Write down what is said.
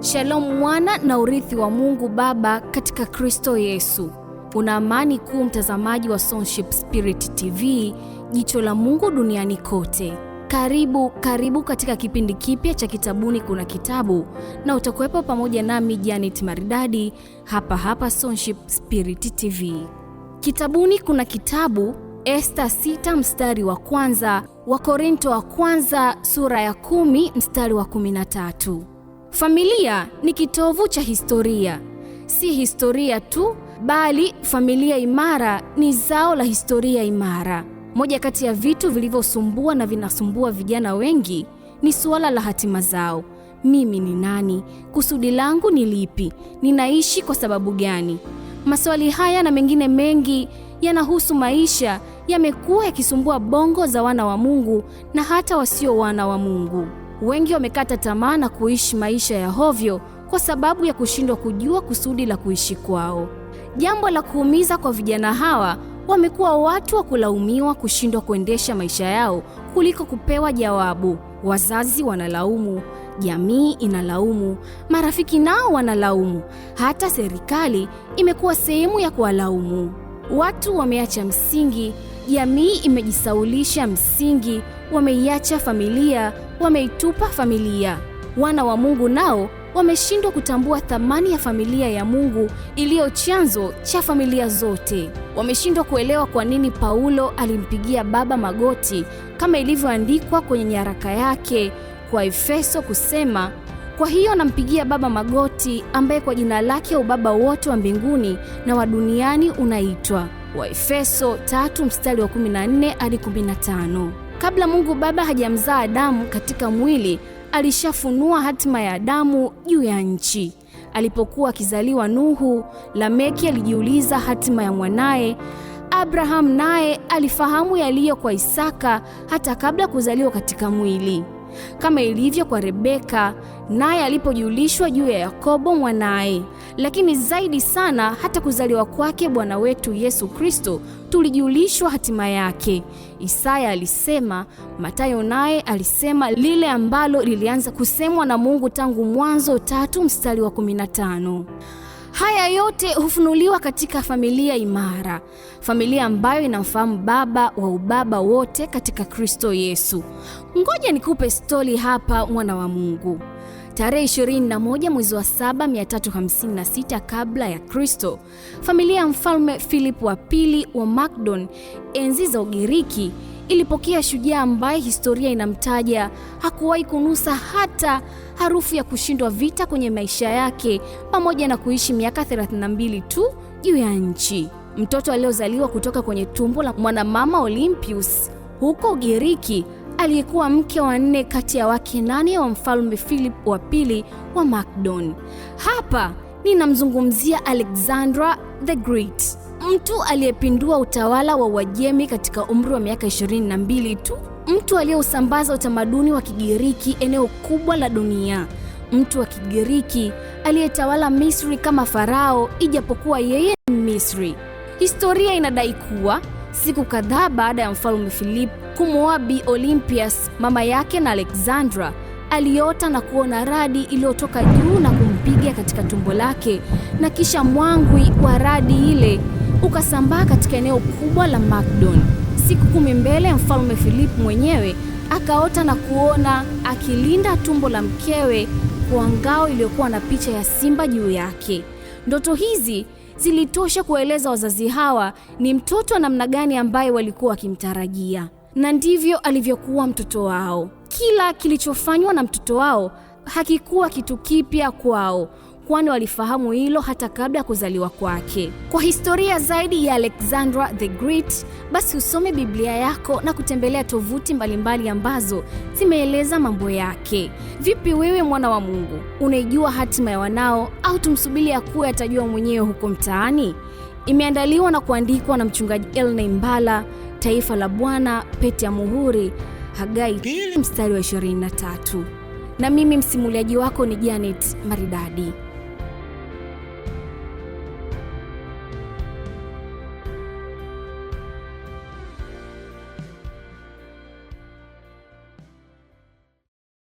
Shalom mwana na urithi wa Mungu Baba katika Kristo Yesu. Una amani kuu mtazamaji wa Sonship Spirit TV, jicho la Mungu duniani kote. Karibu, karibu katika kipindi kipya cha Kitabuni Kuna Kitabu, na utakuwepo pamoja nami Janet Maridadi hapa hapa Sonship Spirit TV. Kitabuni Kuna Kitabu Esta 6 mstari wa kwanza, Wakorinto wa kwanza sura ya kumi mstari wa 13. Familia ni kitovu cha historia, si historia tu bali familia imara ni zao la historia imara. Moja kati ya vitu vilivyosumbua na vinasumbua vijana wengi ni suala la hatima zao. Mimi ni nani? Kusudi langu ni lipi? Ninaishi kwa sababu gani? Maswali haya na mengine mengi yanahusu maisha yamekuwa yakisumbua bongo za wana wa Mungu na hata wasio wana wa Mungu. Wengi wamekata tamaa na kuishi maisha ya hovyo kwa sababu ya kushindwa kujua kusudi la kuishi kwao. Jambo la kuumiza kwa vijana hawa, wamekuwa watu wa kulaumiwa kushindwa kuendesha maisha yao kuliko kupewa jawabu. Wazazi wanalaumu, jamii inalaumu, marafiki nao wanalaumu, hata serikali imekuwa sehemu ya kuwalaumu. Watu wameacha msingi, jamii imejisaulisha msingi, wameiacha familia, wameitupa familia. Wana wa Mungu nao wameshindwa kutambua thamani ya familia ya Mungu iliyo chanzo cha familia zote. Wameshindwa kuelewa kwa nini Paulo alimpigia Baba magoti kama ilivyoandikwa kwenye nyaraka yake kwa Efeso kusema kwa hiyo nampigia Baba magoti, ambaye kwa jina lake ubaba wote wa mbinguni na wa duniani unaitwa. Waefeso 3 mstari wa 14 hadi 15. Kabla Mungu Baba hajamzaa Adamu katika mwili, alishafunua hatima ya Adamu juu ya nchi. Alipokuwa akizaliwa Nuhu, Lameki alijiuliza hatima ya mwanaye. Abrahamu naye alifahamu yaliyo kwa Isaka hata kabla kuzaliwa katika mwili kama ilivyo kwa Rebeka, naye alipojulishwa juu ya Yakobo mwanaye. Lakini zaidi sana, hata kuzaliwa kwake Bwana wetu Yesu Kristo tulijulishwa hatima yake. Isaya alisema, Mathayo naye alisema lile ambalo lilianza kusemwa na Mungu tangu Mwanzo tatu mstari wa 15. Haya yote hufunuliwa katika familia imara, familia ambayo inamfahamu Baba wa ubaba wote katika Kristo Yesu. Ngoja nikupe stori hapa, mwana wa Mungu. Tarehe 21 mwezi wa 7 356 kabla ya Kristo, familia ya mfalme Filipo wa pili wa Macedon, enzi za Ugiriki, ilipokea shujaa ambaye historia inamtaja. Hakuwahi kunusa hata harufu ya kushindwa vita kwenye maisha yake, pamoja na kuishi miaka 32 tu juu ya nchi. Mtoto aliyozaliwa kutoka kwenye tumbo la mwanamama Olympius huko Ugiriki, aliyekuwa mke wa nne kati ya wake nane wa mfalme Philip wa pili wa Macedon. Hapa ninamzungumzia Alexandra the Great mtu aliyepindua utawala wa Uajemi katika umri wa miaka 22 tu, mtu aliyeusambaza utamaduni wa Kigiriki eneo kubwa la dunia, mtu wa Kigiriki aliyetawala Misri kama farao, ijapokuwa yeye ni Misri. Historia inadai kuwa siku kadhaa baada ya mfalme Philip kumwoa Bi Olympias, mama yake na Alexandra aliota na kuona radi iliyotoka juu na kumpiga katika tumbo lake, na kisha mwangwi wa radi ile ukasambaa katika eneo kubwa la Macedon. Siku kumi mbele, mfalme Philip mwenyewe akaota na kuona akilinda tumbo la mkewe kwa ngao iliyokuwa na picha ya simba juu yake. Ndoto hizi zilitosha kueleza wazazi hawa ni mtoto wa namna gani ambaye walikuwa wakimtarajia, na ndivyo alivyokuwa mtoto wao. Kila kilichofanywa na mtoto wao hakikuwa kitu kipya kwao kwani walifahamu hilo hata kabla ya kuzaliwa kwake. Kwa historia zaidi ya Alexandra the Great, basi usome Biblia yako na kutembelea tovuti mbalimbali ambazo zimeeleza mambo yake. Vipi wewe mwana wa Mungu, unaijua hatima ya wanao au tumsubiri akuwe atajua mwenyewe huko mtaani? Imeandaliwa na kuandikwa na mchungaji Elnay Mbala, Taifa la Bwana, Pete ya Muhuri, Hagai mstari wa 23 na mimi msimuliaji wako ni Janet Maridadi.